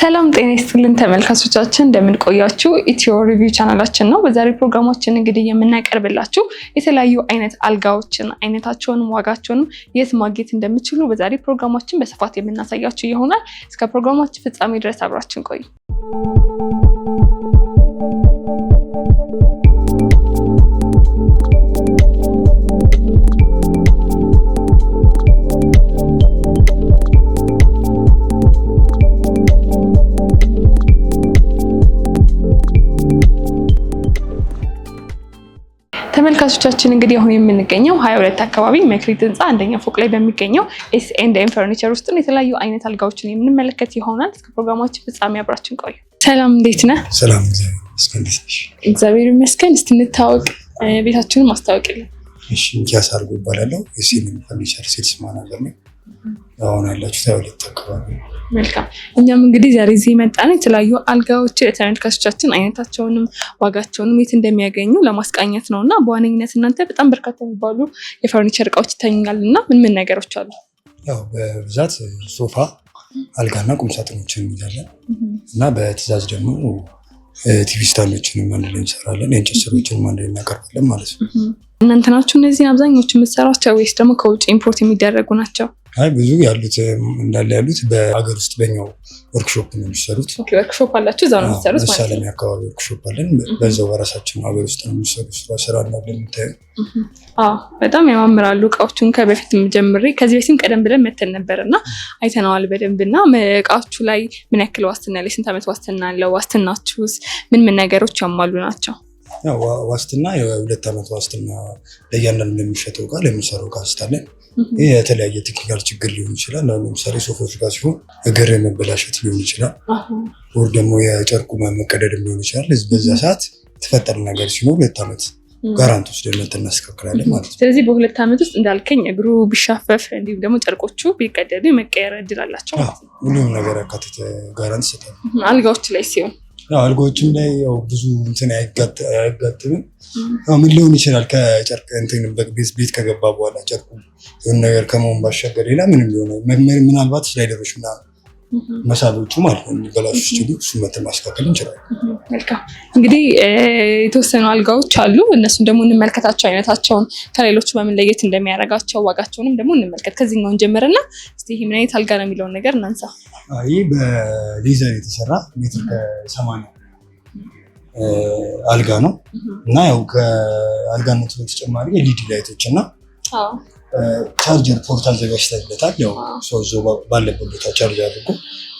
ሰላም ጤና ይስጥልን ተመልካቾቻችን፣ እንደምን ቆያችሁ? ኢትዮ ሪቪው ቻናላችን ነው። በዛሬ ፕሮግራማችን እንግዲህ የምናቀርብላችሁ የተለያዩ አይነት አልጋዎችን አይነታቸውንም፣ ዋጋቸውንም የት ማግኘት እንደምችሉ በዛሬ ፕሮግራማችን በስፋት የምናሳያችሁ ይሆናል። እስከ ፕሮግራማችን ፍጻሜ ድረስ አብራችን ቆዩ። ተመልካቾቻችን እንግዲህ አሁን የምንገኘው ሀያ ሁለት አካባቢ መክሪት ህንፃ አንደኛ ፎቅ ላይ በሚገኘው ኤስ ኤንድ ኤም ፈርኒቸር ውስጥ የተለያዩ አይነት አልጋዎችን የምንመለከት ይሆናል። እስከ ፕሮግራማችን ፍጻሜ አብራችን ቆዩ። ሰላም፣ እንዴት ነ? ሰላም፣ እግዚአብሔር ይመስገን። ስትንታወቅ ቤታችንን ማስታወቅልን። እሺ፣ ሚኪያስ አድርጎ ይባላለው። ኤስ ኤንድ ኤም ፈርኒቸር ሴልስ ማናጀር ነው። አሁን ያላችሁት ሀያ ሁለት አካባቢ ነው። መልካም እኛም እንግዲህ ዛሬ እዚህ መጣን የተለያዩ አልጋዎች ተመልካቾቻችን አይነታቸውንም ዋጋቸውንም የት እንደሚያገኙ ለማስቃኘት ነው እና በዋነኝነት እናንተ በጣም በርካታ የሚባሉ የፈርኒቸር እቃዎች ይታኛል እና ምን ምን ነገሮች አሉ? ያው በብዛት ሶፋ፣ አልጋና ቁምሳጥኖችን እንይዛለን እና በትዕዛዝ ደግሞ ቲቪ ስታንዶችንም አንድ ላይ እንሰራለን፣ የእንጨት ስሮችንም አንድ ላይ እናቀርባለን ማለት ነው። እናንተ ናችሁ እነዚህ አብዛኞቹ የምትሰሯቸው ወይስ ደግሞ ከውጭ ኢምፖርት የሚደረጉ ናቸው? አይ ብዙ ያሉት እንዳለ ያሉት በሀገር ውስጥ በኛው ወርክሾፕ ነው የሚሰሩት። ወርክሾፕ አላቸው እዛ ነው የሚሰሩት። መሳለሚ አካባቢ ወርክሾፕ አለን። በዛው በራሳችን ሀገር ውስጥ ነው የሚሰሩ ስራ ነው እንዳለ የምታየው በጣም ያማምራሉ እቃዎቹን። ከበፊት ጀምሪ ከዚህ በፊትም ቀደም ብለን መተን ነበር እና አይተነዋል በደንብ እና እቃዎቹ ላይ ምን ያክል ዋስትና ላይ ስንት ዓመት ዋስትና አለው? ዋስትናችሁስ ምን ምን ነገሮች ያሟሉ ናቸው? ዋስትና የሁለት ዓመት ዋስትና ለእያንዳንዱ ለሚሸጠው እቃ ለሚሰሩ እቃ ስታለን ይህ የተለያየ ቴክኒካል ችግር ሊሆን ይችላል። አሁን ለምሳሌ ሶፎች ጋር ሲሆን እግር የመበላሸት ሊሆን ይችላል፣ ወር ደግሞ የጨርቁ መቀደድ ሊሆን ይችላል። በዛ ሰዓት የተፈጠረ ነገር ሲኖር ሁለት ዓመት ጋራንት ውስጥ ደመት እናስከክላለን ማለት ነው። ስለዚህ በሁለት ዓመት ውስጥ እንዳልከኝ እግሩ ቢሻፈፍ እንዲሁም ደግሞ ጨርቆቹ ቢቀደዱ የመቀየር እድል አላቸው ማለት ነው። ሁሉም ነገር ያካተተ ጋራንት ይሰጣል። አልጋዎች ላይ ሲሆን አልጋዎችም ላይ ያው ብዙ እንትን አይጋጥምም። ምን ሊሆን ይችላል ከጨርቅ እንትን ቤት ከገባ በኋላ ጨርቁ የሆነ ነገር ከመሆን ባሻገር ሌላ ምንም ሊሆን ምናልባት ስላይደሮች ምናምን መሳቢዎቹ ማለት ነው የሚበላሹ ሲሉ እሱ መተን ማስተካከል እንችላለን። መልካም እንግዲህ የተወሰኑ አልጋዎች አሉ። እነሱን ደግሞ እንመልከታቸው። አይነታቸውን ከሌሎቹ በምን ለየት እንደሚያደርጋቸው ዋጋቸውንም ደግሞ እንመልከት። ከዚህኛውን ጀምርና እስኪ ይህ ምን አይነት አልጋ ነው የሚለውን ነገር እናንሳ። ይህ በሌዘር የተሰራ ሜትር ከሰማንያ አልጋ ነው እና ያው ከአልጋነቱ በተጨማሪ የሊዲ ላይቶች እና ቻርጀር ፖርት አዘጋጅተንለታል። ያው ሰው እዚሁ ባለበት ቦታ ቻርጅ አድርጎ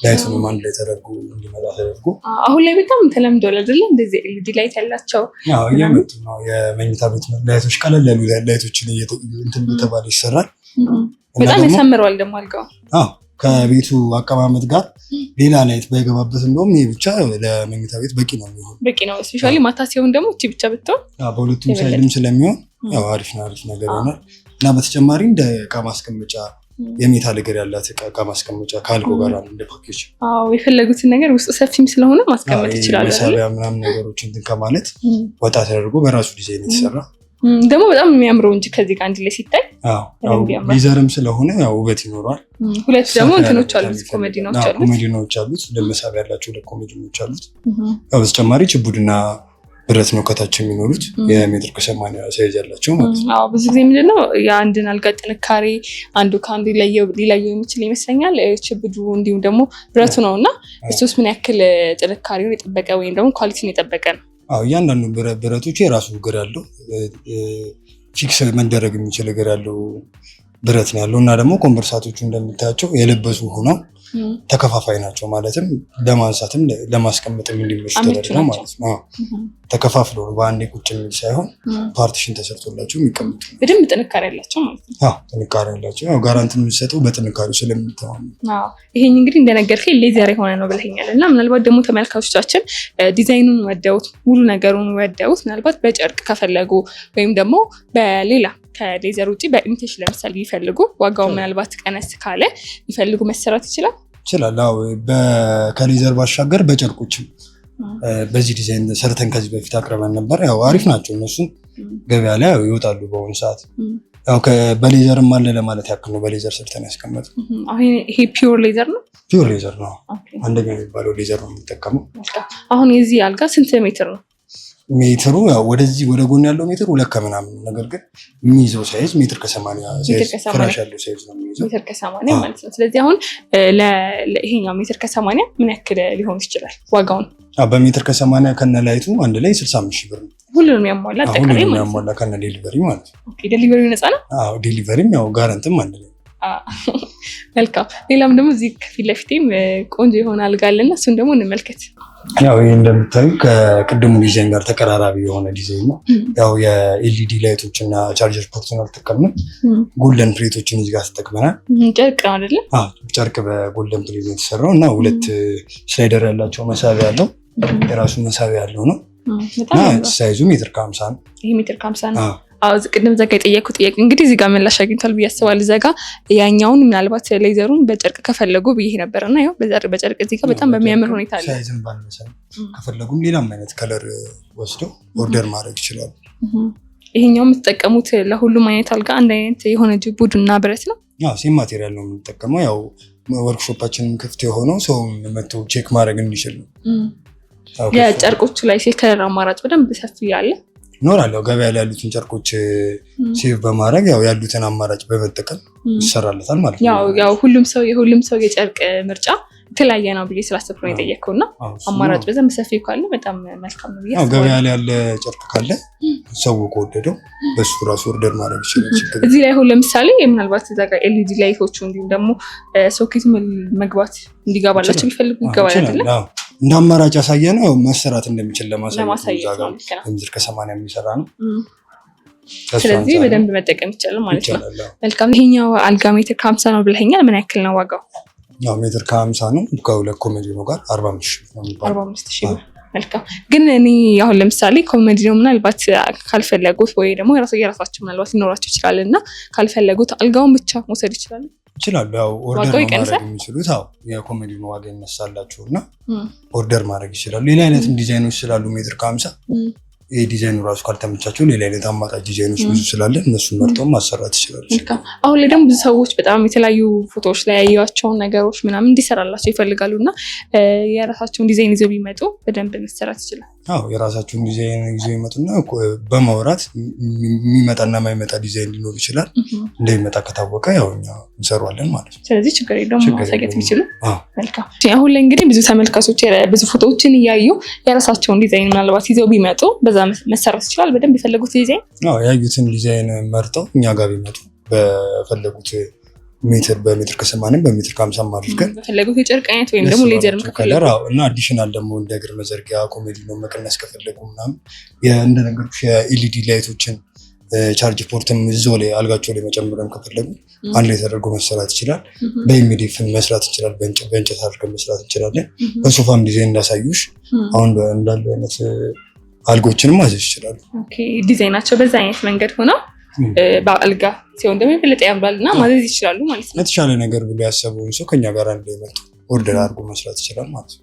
ላይቱን ማን ላይ ተደርጎ እንዲመጣ ተደርጎ አሁን ላይ በጣም ተለምዷል አይደለ? እንደዚህ ኤልዲ ላይት ያላቸው እየመጡ ነው። የመኝታ ቤት ላይቶች ቀለል ያሉ ላይቶችን እንትን እየተባለ ይሰራል። በጣም ያሳምረዋል ደግሞ አልጋው ከቤቱ አቀማመጥ ጋር ሌላ ላይት ባይገባበት እንደውም ይሄ ብቻ ለመኝታ ቤት በቂ ነው የሚሆን በቂ ነው። ስፔሻሊ ማታ ሲሆን ደግሞ እቺ ብቻ ብትሆን በሁለቱም ሳይድም ስለሚሆን ያው አሪፍ ነው አሪፍ ነገር ይሆናል። እና በተጨማሪ እንደ እቃ ማስቀመጫ የሜታ ነገር ያላት እቃ ማስቀመጫ ከአልኮ ጋር እንደ ፓኬጅ የፈለጉትን ነገር ውስጥ ሰፊም ስለሆነ ማስቀመጥ ይችላሉ። መሳቢያ ምናምን ነገሮች እንትን ከማለት ወጣ ተደርጎ በራሱ ዲዛይን የተሰራ ደግሞ በጣም የሚያምረው እንጂ ከዚህ ጋር አንድ ላይ ሲታይ ሊዘርም ስለሆነ ያው ውበት ይኖረዋል። ሁለት ደግሞ እንትኖች አሉት፣ ኮሜዲኖች አሉት፣ ኮሜዲኖች አሉት፣ መሳቢያ ያላቸው ሁለት ኮሜዲኖች አሉት። በተጨማሪ ችቡድና ብረት ነው ከታች የሚኖሩት የሜትር ከሰማንያ ሳይዝ ያላቸው ማለት ነው። ብዙ ጊዜ ምንድነው የአንድን አልጋ ጥንካሬ አንዱ ከአንዱ ሊለየው የሚችል ይመስለኛል ችብዱ እንዲሁም ደግሞ ብረቱ ነው እና እሱስ ምን ያክል ጥንካሬውን የጠበቀ ወይም ደግሞ ኳሊቲውን የጠበቀ ነው? አዎ እያንዳንዱ ብረቶች የራሱ እግር አለው፣ ፊክስ መደረግ የሚችል እግር ያለው ብረት ነው ያለው እና ደግሞ ኮንቨርሳቶቹ እንደምታያቸው የለበሱ ሆነው ተከፋፋይ ናቸው። ማለትም ለማንሳትም ለማስቀመጥም እንዲመች ተደርጎ ማለት ነው። ተከፋፍሎ በአንዴ ቁጭ የሚል ሳይሆን ፓርቲሽን ተሰርቶላቸው የሚቀመጡ በደንብ ጥንካሬ ያላቸው ማለት ነው። ጥንካሬ ያላቸው ያው ጋራንት የሚሰጠው በጥንካሬው ስለምንተማመን። ይሄን እንግዲህ እንደነገርከኝ ሌዘር የሆነ ነው ብለኛል እና ምናልባት ደግሞ ተመልካቾቻችን ዲዛይኑን ወደውት ሙሉ ነገሩን ወደውት ምናልባት በጨርቅ ከፈለጉ ወይም ደግሞ በሌላ ከሌዘር ውጭ በኢሚቴሽን ለምሳሌ ቢፈልጉ ዋጋው ምናልባት ቀነስ ካለ ቢፈልጉ መሰራት ይችላል ይችላል። ከሌዘር ባሻገር በጨርቆችም በዚህ ዲዛይን ሰርተን ከዚህ በፊት አቅርበን ነበር። ያው አሪፍ ናቸው እነሱም ገበያ ላይ ይወጣሉ በአሁኑ ሰዓት። ያው በሌዘርም አለ ለማለት ያክል ነው። በሌዘር ሰርተን ያስቀመጥ። ይሄ ፒዮር ሌዘር ነው፣ ፒዮር ሌዘር ነው። አንደኛ የሚባለው ሌዘር ነው የሚጠቀመው አሁን የዚህ አልጋ ስንት ሜትር ነው? ሜትሩ ያው ወደዚህ ወደ ጎን ያለው ሜትር ሁለት ከምናምን ነገር ግን የሚይዘው ሳይዝ ሜትር ከሰማንያ ሳይዝ ፍራሽ ያለው ሳይዝ ነው የሚይዘው ሜትር ከሰማንያ ማለት ነው። ስለዚህ አሁን ይሄኛው ሜትር ከሰማንያ ምን ያክል ሊሆን ይችላል ዋጋውን? በሜትር ከሰማንያ ከነ ላይቱ አንድ ላይ ስልሳ አምስት ሺህ ብር ነው። ሁሉንም ያሟላ አጠቃላይ ያሟላ ከነ ዴሊቨሪ ማለት ነው። ዴሊቨሪ ነፃ ነው። ዴሊቨሪም ያው ጋረንትም አንድ ላይ መልካም። ሌላም ደግሞ እዚህ ከፊት ለፊቴም ቆንጆ የሆነ አልጋ አለና እሱን ደግሞ እንመልከት። ያው ይህ እንደምታዩ ከቅድሙ ዲዛይን ጋር ተቀራራቢ የሆነ ዲዛይን ነው። ያው የኤልኢዲ ላይቶች እና ቻርጀር ፖርትን አልተጠቀምንም። ጎልደን ፕሌቶችን እዚህ ጋር ተጠቅመናል። ጨርቅ ነው አይደለ? ጨርቅ በጎልደን ፕሌት የተሰራው እና ሁለት ስላይደር ያላቸው መሳቢያ አለው። የራሱ መሳቢያ ያለው ነው። ሳይዙ ሜትር ከሀምሳ ነው። ይህ ሜትር ከሀምሳ ነው። ቅድም ዘጋ የጠየኩ ጥያቄ እንግዲህ እዚጋ ምላሽ አግኝቷል ብዬ አስባለሁ። ዘጋ ያኛውን ምናልባት ሌዘሩን በጨርቅ ከፈለጉ ብዬ ነበር እና ያው በጨርቅ እዚጋ በጣም በሚያምር ሁኔታ ከፈለጉም ሌላም አይነት ከለር ወስዶ ኦርደር ማድረግ ይችላሉ። ይሄኛው የምትጠቀሙት ለሁሉም አይነት አልጋ አንድ አይነት የሆነ ቡድ እና ብረት ነው። ሴም ማቴሪያል ነው የምንጠቀመው። ያው ወርክሾፓችንም ክፍት የሆነው ሰው መቶ ቼክ ማድረግ እንችል ነው። የጨርቆቹ ላይ ከለር አማራጭ በደንብ ሰፊ ያለ እኖራለሁ። ገበያ ላይ ያሉትን ጨርቆች ሴቭ በማድረግ ያው ያሉትን አማራጭ በመጠቀም ይሰራለታል ማለት ነው። ያው ሁሉም ሰው የሁሉም ሰው የጨርቅ ምርጫ የተለያየ ነው ብዬ ስላሰብኩ ነው የጠየቅከው እና አማራጭ በዛም ሰፊ ካለ በጣም መልካም ነው ብዬ ገበያ ላይ ያለ ጨርቅ ካለ ሰው ከወደደው በሱ ራሱ ኦርደር ማድረግ ይችላል። እዚህ ላይ አሁን ለምሳሌ ምናልባት እዛ ጋር ኤልኢዲ ላይቶቹ እንዲሁም ደግሞ ሶኬት መግባት እንዲገባላቸው ቢፈልጉ ይገባል አይደለም እንደ አማራጭ ያሳየ ነው ያው መሰራት እንደሚችል ለማሳየት ነው። ከሰማንያ የሚሰራ ነው። ስለዚህ በደንብ መጠቀም ይቻላል ማለት ነው። መልካም። ይሄኛው አልጋ ሜትር ከሀምሳ ነው ብለኸኛል። ምን ያክል ነው ዋጋው? ያው ሜትር ከሀምሳ ነው ከሁለት ኮሜዲኖ ጋር አርባ አምስት ሺህ ነው። መልካም ግን እኔ አሁን ለምሳሌ ኮሜዲ ነው ምናልባት ካልፈለጉት ወይ ደግሞ የራሳቸው ምናልባት ሊኖራቸው ይችላል እና ካልፈለጉት አልጋውን ብቻ መውሰድ ይችላል። ይችላሉ። ያው ኦርደር ማድረግ የሚችሉት ው የኮሜዲ ዋጋ ይነሳላቸው እና ኦርደር ማድረግ ይችላሉ። ሌላ አይነትም ዲዛይኖች ስላሉ ሜትር ከሀምሳ ይህ ዲዛይኑ ራሱ ካልተመቻቸው ሌላ አይነት አማጣጭ ዲዛይኖች ብዙ ስላለ እነሱን መርጠው ማሰራት ይችላሉ። አሁን ላይ ደግሞ ብዙ ሰዎች በጣም የተለያዩ ፎቶዎች ላይ ያዩዋቸውን ነገሮች ምናምን እንዲሰራላቸው ይፈልጋሉ እና የራሳቸውን ዲዛይን ይዘው ቢመጡ በደንብ መሰራት ይችላል። አዎ የራሳቸውን ዲዛይን ጊዜ ይመጡና በማውራት የሚመጣና የማይመጣ ዲዛይን ሊኖር ይችላል። እንደሚመጣ ከታወቀ ያው እኛ እንሰሯለን ማለት ነው። ስለዚህ ችግር የለውም ማሳየት ቢችሉ መልካም። አሁን ላይ እንግዲህ ብዙ ተመልካቾች ብዙ ፎቶዎችን እያዩ የራሳቸውን ዲዛይን ምናልባት ይዘው ቢመጡ በዛ መሰራት ይችላል። በደንብ የፈለጉት ዲዛይን ያዩትን ዲዛይን መርጠው እኛ ጋር ቢመጡ በፈለጉት ሜትር በሜትር ከሰማንም በሜትር ከሀምሳም አድርገን ከፈለጉት የጨርቅ አይነት ወይም ደግሞ ከለር እና አዲሽናል ደግሞ እንደ እግር መዘርጊያ ኮሜዲ ነው መቀነስ ከፈለጉ ምናምን እንደነገርኩሽ የኤልኢዲ ላይቶችን ቻርጅ ፖርትም እዛው ላይ አልጋቸው ላይ መጨመርም ከፈለጉ አንድ ላይ ተደርጎ መሰራት ይችላል። በኢሚዲፍ መስራት ይችላል። በእንጨት አድርገን መስራት እንችላለን። በሶፋም ዲዛይን እንዳሳዩሽ አሁን እንዳሉ አይነት አልጎችንም ማዘዝ ይችላሉ። ዲዛይናቸው በዛ አይነት መንገድ ሆነው በአልጋ ሲሆን ደግሞ የበለጠ ያምራል እና ማዘዝ ይችላሉ ማለት ነው። የተሻለ ነገር ብሎ ያሰበውን ሰው ከኛ ጋር አንድ ይመጡ ኦርደር አድርጎ መስራት ይችላል ማለት ነው።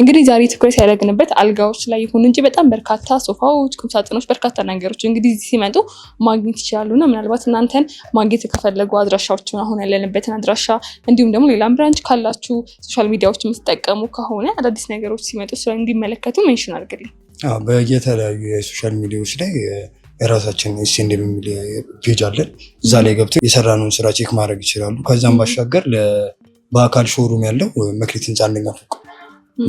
እንግዲህ ዛሬ ትኩረት ያደረግንበት አልጋዎች ላይ ይሁን እንጂ በጣም በርካታ ሶፋዎች፣ ቁምሳጥኖች፣ በርካታ ነገሮች እንግዲህ ሲመጡ ማግኘት ይችላሉ እና ምናልባት እናንተን ማግኘት ከፈለጉ አድራሻዎችን አሁን ያለንበትን አድራሻ እንዲሁም ደግሞ ሌላም ብራንች ካላችሁ ሶሻል ሚዲያዎች የምትጠቀሙ ከሆነ አዳዲስ ነገሮች ሲመጡ ስራ እንዲመለከቱ ሜንሽን አድርግልኝ በየተለያዩ የሶሻል ሚዲያዎች ላይ የራሳችን ኤስኤንድ የሚል ፔጅ አለን። እዛ ላይ ገብተው የሰራነውን ስራ ቼክ ማድረግ ይችላሉ። ከዛም ባሻገር በአካል ሾሩም ያለው መክሊት ህንፃ አንደኛ ፎቅ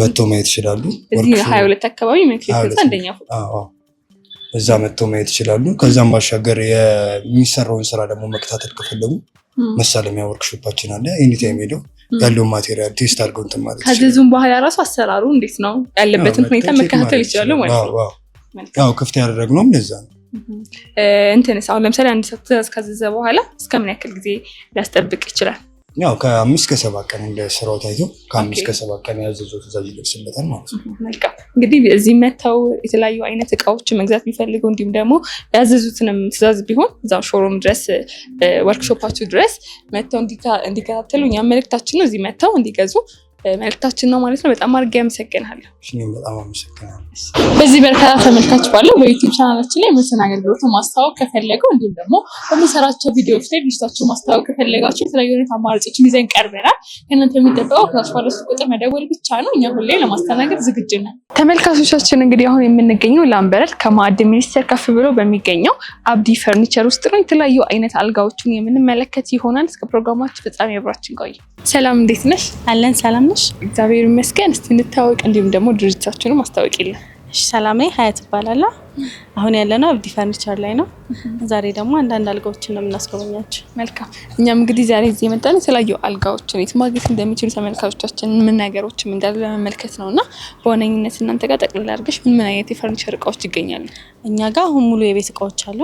መጥተው ማየት ይችላሉ። ሀያ ሁለት አካባቢ መክሊት ህንፃ አንደኛ ፎቅ እዛ መጥተው ማየት ይችላሉ። ከዛም ባሻገር የሚሰራውን ስራ ደግሞ መከታተል ከፈለጉ መሳለሚያ ወርክሾፓችን አለ። ኤኒታይም ሄደው ያለውን ማቴሪያል ቴስት አድርገው እንትን ማለት ከዚዙም በኋላ ራሱ አሰራሩ እንዴት ነው ያለበትን ሁኔታ መከታተል ይችላሉ ማለት ነው። ያው ክፍት ያደረግነውም ለዛ ነው። እንትንስ አሁን ለምሳሌ አንድ ሰው ትእዛዝ ካዘዘ በኋላ እስከምን ያክል ጊዜ ሊያስጠብቅ ይችላል? ያው ከአምስት ከሰባት ቀን እንደ ስራው ታይቶ ከአምስት ከሰባት ቀን ያዘዞ ትእዛዝ ይደርስበታል ማለት ነው። መልካም እንግዲህ እዚህ መጥተው የተለያዩ አይነት እቃዎች መግዛት ቢፈልጉ እንዲሁም ደግሞ ያዘዙትንም ትእዛዝ ቢሆን እዛው ሾሮም ድረስ ወርክሾፓችሁ ድረስ መጥተው እንዲከታተሉ እኛ መልእክታችን ነው። እዚህ መጥተው እንዲገዙ መልእክታችን ነው ማለት ነው። በጣም አድርጌ አመሰግናለሁ። በጣም አመሰግናለሁ። በዚህ በርካታ ተመልካች ባለው በዩቲዩብ ቻናላችን ላይ መሰን አገልግሎት ማስተዋወቅ ከፈለገው እንዲሁም ደግሞ በምንሰራቸው ቪዲዮዎች ላይ ድርጅታቸው ማስተዋወቅ ከፈለጋቸው የተለያዩ አይነት አማራጮችን ይዘን ቀርበናል። ከእናንተ የሚጠበቀው ከታች ባለው ቁጥር መደወል ብቻ ነው። እኛ ሁሌ ለማስተናገድ ዝግጁ ነን። ተመልካቾቻችን እንግዲህ አሁን የምንገኘው ላምበረል ከማዕድ ሚኒስቴር ከፍ ብሎ በሚገኘው አብዲ ፈርኒቸር ውስጥ ነው። የተለያዩ አይነት አልጋዎችን የምንመለከት ይሆናል። እስከ ፕሮግራማችን ፍጻሜ አብራችን ቆዩ። ሰላም፣ እንዴት ነሽ? አለን ሰላም ነሽ? እግዚአብሔር ይመስገን። እስቲ እንታወቅ፣ እንዲሁም ደግሞ ድርጅታችንን ማስታወቅ ይለ እሺ፣ ሰላሜ ሀያት ትባላለሁ። አሁን ያለነው አብዲ ፈርኒቸር ላይ ነው። ዛሬ ደግሞ አንዳንድ አልጋዎችን ነው የምናስጎበኛቸው። መልካም። እኛም እንግዲህ ዛሬ እዚህ የመጣን የተለያዩ አልጋዎችን የት ማግኘት እንደሚችሉ ተመልካቾቻችን ምን ነገሮችም እንዳሉ ለመመልከት ነው እና በዋነኝነት እናንተ ጋር ጠቅልላ አድርገሽ ምን ምን አይነት የፈርኒቸር እቃዎች ይገኛሉ? እኛ ጋር አሁን ሙሉ የቤት እቃዎች አሉ።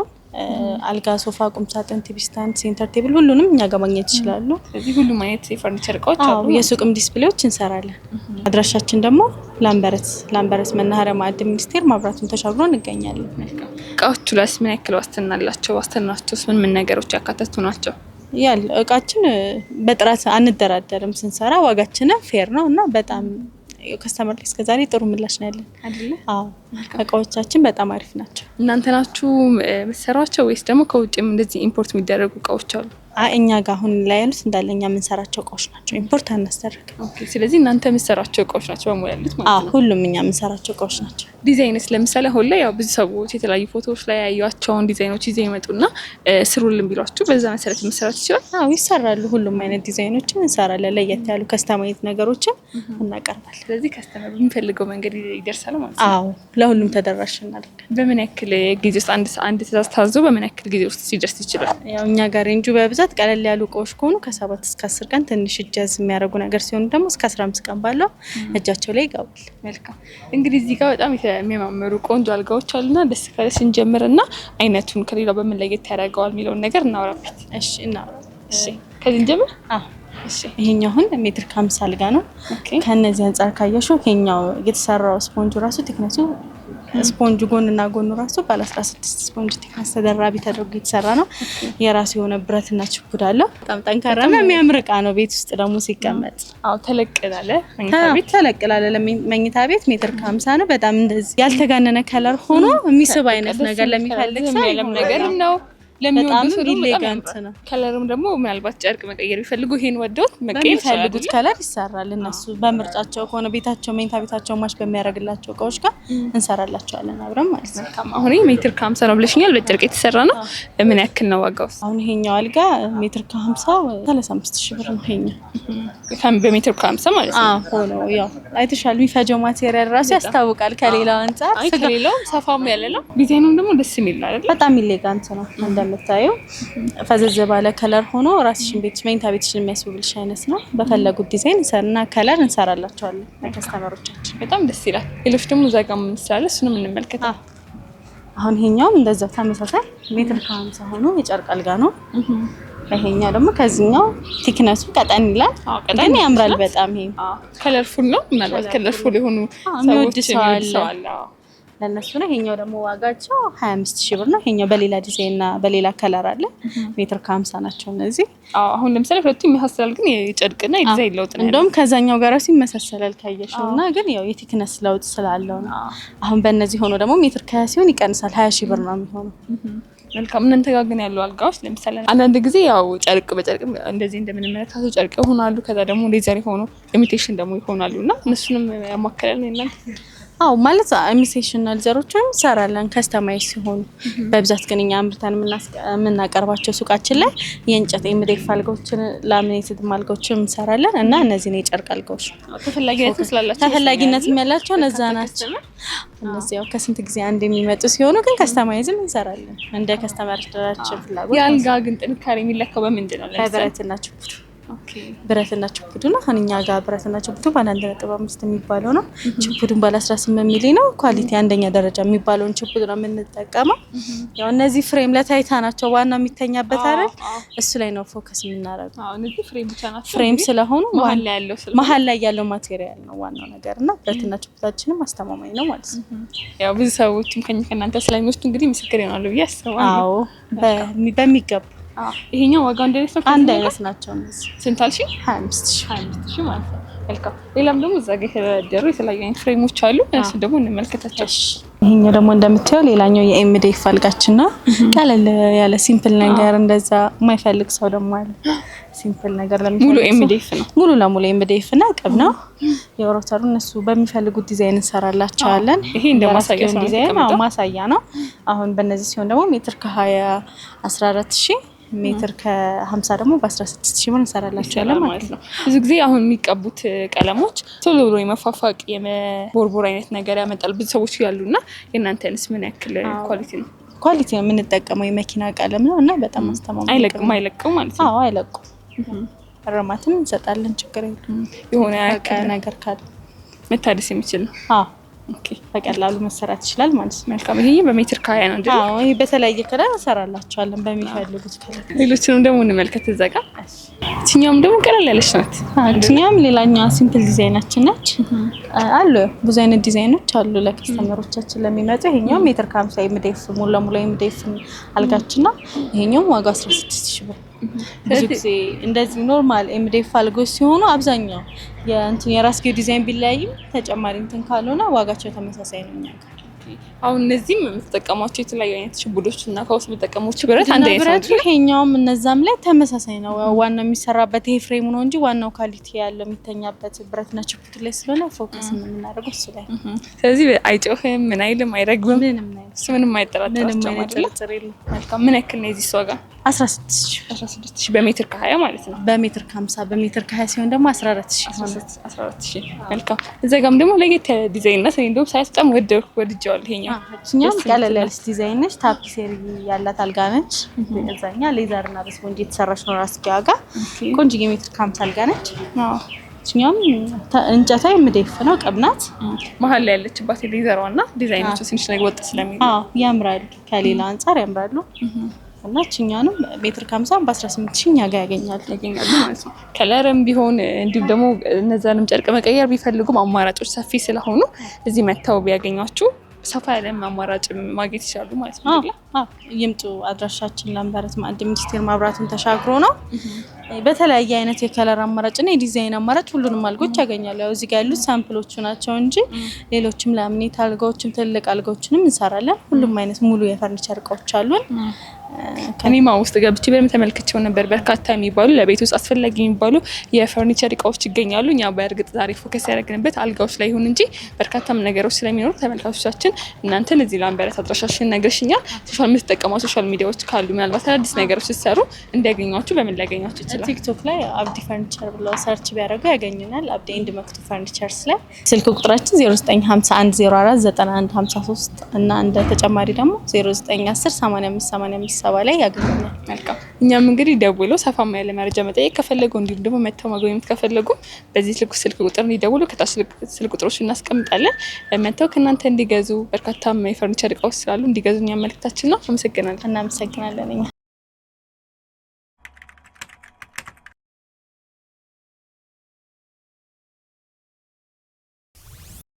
አልጋ፣ ሶፋ፣ ሳጥን፣ ቲቪ ስታንድ፣ ሴንተር ቴብል ሁሉንም እኛ ጋር ማግኘት ይችላሉ። ስለዚህ ሁሉም አይነት የፈርኒቸር እቃዎች አሉ። የሱቅም ዲስፕሌዎች እንሰራለን። አድራሻችን ደግሞ ላምበረት ላምበረት መናኸሪያ ማዕድ ሚኒስቴር ማብራቱን ተሻግሮ እንገኛለን። እቃዎቹ ላይስ ምን ያክል ዋስትና አላቸው? ዋስትናቸውስ ምን ምን ነገሮች ያካተቱ ናቸው? ያል እቃችን በጥራት አንደራደርም። ስንሰራ ዋጋችንም ፌር ነው እና በጣም ከስተመር ላይ እስከዛሬ ጥሩ ምላሽ ነው ያለን አዎ እቃዎቻችን በጣም አሪፍ ናቸው። እናንተ ናችሁ የምትሰሯቸው ወይስ ደግሞ ከውጭም እንደዚህ ኢምፖርት የሚደረጉ እቃዎች አሉ? እኛ ጋር አሁን ላይ ያሉት እንዳለ እኛ የምንሰራቸው እቃዎች ናቸው። ኢምፖርት አናስደረግ። ስለዚህ እናንተ የምንሰራቸው እቃዎች ናቸው በሙሉ ያሉት ማለት ነው። ሁሉም እኛ የምንሰራቸው እቃዎች ናቸው። ዲዛይንስ ለምሳሌ አሁን ላይ ያው ብዙ ሰዎች የተለያዩ ፎቶዎች ላይ ያዩቸውን ዲዛይኖች ይዘው ይመጡና ስሩልን ቢሏችሁ በዛ መሰረት መሰራት ሲሆን አዎ ይሰራሉ። ሁሉም አይነት ዲዛይኖችን እንሰራለን። ለየት ያሉ ከስተማይት ነገሮችን እናቀርባለን። ስለዚህ ከስተመር በሚፈልገው መንገድ ይደርሳል ማለት ነው። አዎ ለሁሉም ተደራሽ እናደርጋለን። በምን ያክል ጊዜ ውስጥ አንድ ትእዛዝ ታዞ በምን ያክል ጊዜ ውስጥ ሲደርስ ይችላል? ያው እኛ ጋር ሬንጁ በብዛት ሰዓት ቀለል ያሉ እቃዎች ከሆኑ ከሰባት እስከ አስር ቀን ትንሽ እጃዝ የሚያደርጉ ነገር ሲሆኑ ደግሞ እስከ አስራ አምስት ቀን ባለው እጃቸው ላይ ይገባል። መልካም እንግዲህ እዚህ ጋር በጣም የሚያማምሩ ቆንጆ አልጋዎች አሉና ደስ ካለሽ ስንጀምር እና አይነቱን ከሌላው በምን ለየት ያደርገዋል የሚለውን ነገር እናውራበት። እሺ እሺ ከዚህ እንጀምር። ይሄኛው አሁን ሜትር ከሀምሳ አልጋ ነው። ከእነዚህ አንጻር ካየሽው ይሄኛው የተሰራው ስፖንጁ ራሱ ቴክነሱ ስፖንጅ ጎንና ጎኑ ራሱ ባለ 16 ስፖንጅ ቴካንስ ተደራቢ ተደርጎ የተሰራ ነው። የራሱ የሆነ እና ችፑድ አለው። በጣም ነው። የሚያምር እቃ ነው። ቤት ውስጥ ደግሞ ሲቀመጥ አዎ፣ ተለቅላለ መኝታ ቤት ተለቅላለ ለመኝታ ቤት ሜትር ከ50 ነው። በጣም እንደዚህ ያልተጋነነ ከለር ሆኖ የሚስብ አይነት ነገር ለሚፈልግ ሰው ነገር ነው። ከለርም ደግሞ ምናልባት ጨርቅ መቀየር ቢፈልጉ ይሄን ወደውት መቀየር ፈልጉት ከለር ይሰራል። እነሱ በምርጫቸው ከሆነ ቤታቸው መኝታ ቤታቸው ማሽ በሚያደርግላቸው እቃዎች ጋር እንሰራላቸዋለን አብረን ማለት ነው። አሁን ሜትር ከሀምሳ ነው ብለሽኛል። በጨርቅ የተሰራ ነው። ምን ያክል ነው ዋጋው? አሁን ይሄኛው አልጋ ሜትር ከሀምሳ ሰላሳ አምስት ሺህ ብር ነው። ይሄኛው በሜትር ከሀምሳ ማለት ነው ሆኖ ያው አይተሻል። የሚፈጀው ማቴሪያል ራሱ ያስታውቃል። ከሌላው አንጻር ከሌላውም ሰፋም ያለ ነው። ዲዛይኑም ደግሞ ደስ የሚል ነው አይደለ? በጣም ኢሌጋንት ነው። እንደምታየው ፈዘዝ ባለ ከለር ሆኖ ራስሽን ቤት መኝታ ቤትሽን የሚያስውብልሽ አይነት ነው። በፈለጉት ዲዛይን እና ከለር እንሰራላቸዋለን ለከስተመሮቻችን። በጣም ደስ ይላል። ሌሎች ደግሞ እዛ ጋር ምንስላለ እሱንም እንመልከት። አሁን ይሄኛውም እንደዛ ተመሳሳይ ሜትር ከሀምሳ ሆኖ የጨርቅ አልጋ ነው። ይሄኛው ደግሞ ከዚህኛው ቲክነሱ ቀጠን ይላል፣ ግን ያምራል በጣም ይሄ ከለርፉል ነው። ምናልባት ከለርፉል የሆኑ ሰዎች ሰዋለ ለእነሱ ነው። ይሄኛው ደግሞ ዋጋቸው 25 ሺህ ብር ነው። ይሄኛው በሌላ ዲዛይን እና በሌላ ከለር አለ። ሜትር ከ50 ናቸው እነዚህ። አሁን ለምሳሌ ሁለቱ የሚመሳሰላል፣ ግን የጨርቅና የዲዛይን ለውጥ ነው። እንደውም ከዛኛው ጋር ሲመሳሰላል ካየሽው እና ግን ያው የቴክነስ ለውጥ ስላለው ነው። አሁን በእነዚህ ሆኖ ደግሞ ሜትር ከ20 ሲሆን ይቀንሳል፣ 20 ሺህ ብር ነው የሚሆነው። መልካም እናንተ ጋር ግን ያሉ አልጋዎች ለምሳሌ አንዳንድ ጊዜ ያው ጨርቅ በጨርቅ እንደዚህ እንደምንመለከተው ጨርቅ ይሆናሉ። ከዛ ደግሞ ሌዘር የሆኑ ኢሚቴሽን ደግሞ ይሆናሉ እና እነሱንም ያማከላል ነው እናንተ አዎ ማለት ኢሚቴሽናል ዘሮችን እንሰራለን ከስተማይዝ ሲሆኑ በብዛት ግን እኛ አምርተን የምናቀርባቸው ሱቃችን ላይ የእንጨት ኤምዴፍ አልጋዎችን ላሚኔትድ አልጋዎችን እንሰራለን እና እነዚህን የጨርቅ አልጋዎች ተፈላጊነት ያላቸው እነዛ ናቸው። እነዚያው ከስንት ጊዜ አንድ የሚመጡ ሲሆኑ ግን ከስተማይዝም እንሰራለን እንደ ከስተማር ድራችን ፍላጎት። የአልጋ ግን ጥንካሬ የሚለካው በምንድን ነው? በብረትና ችፑድ ብረትና ችፑዱ ነው። አሁን እኛ ጋር ብረትና ችፑዱ ባለ አንድ ነጥብ አምስት የሚባለው ነው። ችፑዱን ባለ አስራ ስምንት ሚሊ ነው። ኳሊቲ አንደኛ ደረጃ የሚባለውን ችፑድ ነው የምንጠቀመው። ያው እነዚህ ፍሬም ለታይታ ናቸው፣ ዋና የሚተኛበት አይደል? እሱ ላይ ነው ፎከስ የምናደርገው። ፍሬም ስለሆኑ መሀል ላይ ያለው ማቴሪያል ነው ዋናው ነገር እና ብረትና ችፑዳችንም አስተማማኝ ነው ማለት ነው። ያው ብዙ ሰዎችም ከእናንተ ስለሚወስዱ እንግዲህ ምስክር ይሆናሉ ብዬ አስባለሁ። በሚገባ ይሄኛው ዋጋው እንደነሳው አንድ አይነት ናቸው። እነዚህ ስንት አልሽኝ? 25000 ሺህ ማለት ነው። መልካም። ሌላም ደግሞ እዛ ጋር የተደረደሩ የተለያዩ አይነት ፍሬሞች አሉ። እሱ ደግሞ እንመልከታቸው። ይሄኛው ደግሞ እንደምታየው ሌላኛው የኤምዴፍ አልጋችን ነው። ቀለል ያለ ሲምፕል ነገር እንደዛ የማይፈልግ ሰው ደግሞ አለ። ሲምፕል ነገር ለምሳሌ ሙሉ ኤምዴፍ ነው። ሙሉ ለሙሉ ኤምዴፍ እና ቅብ ነው። የሮተሩ እነሱ በሚፈልጉት ዲዛይን እንሰራላቸዋለን። ይሄ እንደ ዲዛይን ነው፣ ማሳያ ነው። አሁን በእነዚህ ሲሆን ደግሞ ሜትር ከ20 14000 ሜትር ከ50 ደግሞ በ16 ሺህ ብር እንሰራላቸዋለን ማለት ነው። ብዙ ጊዜ አሁን የሚቀቡት ቀለሞች ቶሎ ብሎ የመፋፋቅ የመቦርቦር አይነት ነገር ያመጣል ብዙ ሰዎች ያሉ ያሉና የእናንተንስ ምን ያክል ኳሊቲ ነው? ኳሊቲ ነው የምንጠቀመው የመኪና ቀለም ነው እና በጣም አስተማማኝ አይለቅም አይለቅም ማለት ነው። አይለቁም። እርማትም እንሰጣለን ችግር የለም። የሆነ ነገር ካለ መታደስ የሚችል ነው። በቀላሉ መሰራት ይችላል ማለት ነው። መልካም። ይሄ በሜትር ካያ ነው። አዎ ይሄ በተለያየ ከለር እንሰራላቸዋለን በሚፈልጉት ከለር። ሌሎችንም ደግሞ እንመልከት። እዛ ጋ እችኛውም ደግሞ ቀለል ያለች ናት። እችኛውም ሌላኛዋ ሲምፕል ዲዛይናችን ናች አሉ። ብዙ አይነት ዲዛይኖች አሉ ለከስተመሮቻችን ለሚመጡ። ይሄኛው ሜትር ከሀምሳ የምደይፍ ሙሉ ለሙሉ የምደይፍ አልጋችን ነው። ይሄኛውም ዋጋው አስራ ስድስት ሺህ ብር ብዙ ጊዜ እንደዚህ ኖርማል ኤምዴፍ አልጎች ሲሆኑ አብዛኛው የእንትን የራስጌው ዲዛይን ቢለያይም ተጨማሪ እንትን ካልሆነ ዋጋቸው ተመሳሳይ ነው። እኛ ጋር አሁን እነዚህም የምትጠቀሟቸው የተለያዩ አይነት ሽቡዶች እና ከውስጥ የምትጠቀሙት ብረት አንድ ብረቱ ይሄኛውም እነዛም ላይ ተመሳሳይ ነው። ዋናው የሚሰራበት ይሄ ፍሬሙ ነው እንጂ ዋናው ኳሊቲ ያለው የሚተኛበት ብረትና ሽቡድ ላይ ስለሆነ ፎከስ የምናደርገው እሱ ላይ። ስለዚህ አይጮህም፣ ምን አይልም፣ አይረግብም፣ ምንም አይጠራጠራቸውም። መልካም ምን ያክል ነው የዚህ ዋጋ? 16 ሺህ በሜትር ከ20 ማለት ነው። በሜትር ከ50 በሜትር ከ20 ሲሆን ደግሞ 14 ሺህ መልካም። እዛ ጋርም ደግሞ ለየት ያለ ዲዛይን ናት። እኔ እንደውም ሳያት በጣም ወደ ወድጀዋለሁ። ይሄኛው ቀለል ያለች ዲዛይን ነች። ታፒሴሪ ያላት አልጋ ነች። እዛኛ ሌዘር እና በስፖንጅ የተሰራች ነው። ራስ ጋጋ ቆንጆ የሜትር ከ50 አልጋ ነች። አዎ እንጨታ የምደፍ ነው ቀብናት መሀል ላይ ያለችባት ሌዘሯ እና ዲዛይናቸው ትንሽ ላይ ወጥ ስለሚል ያምራሉ። ከሌላ አንጻር ያምራሉ። እና እችኛንም ሜትር ከሀምሳም በአስራ ስምንት ሺህ እኛ ጋር ያገኛል ያገኛሉ ማለት ነው። ከለርም ቢሆን እንዲሁም ደግሞ እነዛንም ጨርቅ መቀየር ቢፈልጉም አማራጮች ሰፊ ስለሆኑ እዚህ መጥተው ቢያገኟችሁ ሰፋ ያለም አማራጭ ማግኘት ይችላሉ ማለት ነው። ይምጡ። አድራሻችን ለንበረት ማዕድ ሚኒስቴር ማብራቱን ተሻግሮ ነው። በተለያየ አይነት የከለር አማራጭና የዲዛይን አማራጭ ሁሉንም አልጎች ያገኛሉ። ያው እዚህ ጋር ያሉት ሳምፕሎቹ ናቸው እንጂ ሌሎችም ላምኔት አልጋዎችም ትልቅ አልጋዎችንም እንሰራለን። ሁሉም አይነት ሙሉ የፈርኒቸር እቃዎች አሉን። እኔ ማ ውስጥ ገብቼ በደንብ ተመልክቼው ነበር። በርካታ የሚባሉ ለቤት ውስጥ አስፈላጊ የሚባሉ የፈርኒቸር እቃዎች ይገኛሉ። እኛ በእርግጥ ዛሬ ፎከስ ያደረግንበት አልጋዎች ላይ ይሁን እንጂ በርካታም ነገሮች ስለሚኖሩ ተመልካቾቻችን እናንተ ለዚህ ላንበረት አድራሻሽን ነግርሽኛል። ሶሻል የምትጠቀመው ሶሻል ሚዲያዎች ካሉ ምናልባት አዳዲስ ነገሮች ሲሰሩ እንዲያገኟችሁ በምን ሊያገኟችሁ ይችላል? ቲክቶክ ላይ አብዲ ፈርኒቸር ብለው ሰርች ቢያደርጉ ያገኙናል። አብዲ ኤንድ መክቱ ፈርኒቸር ላይ ስልክ ቁጥራችን 0951049153 እና እንደ ተጨማሪ ደግሞ 0910 8585 አዲስ አበባ ላይ ያገኙናል። መልካም። እኛም እንግዲህ ደውሎ ሰፋም ያለ መረጃ መጠየቅ ከፈለጉ እንዲሁም ደግሞ መተው ማግኘት ከፈለጉ በዚህ ስልክ ቁጥር እንዲደውሉ ከታች ስልክ ቁጥሮች እናስቀምጣለን። መተው ከእናንተ እንዲገዙ በርካታም የፈርኒቸር እቃዎች ስላሉ እንዲገዙ እኛ መልክታችን ነው። አመሰግናለን። እናመሰግናለን እኛ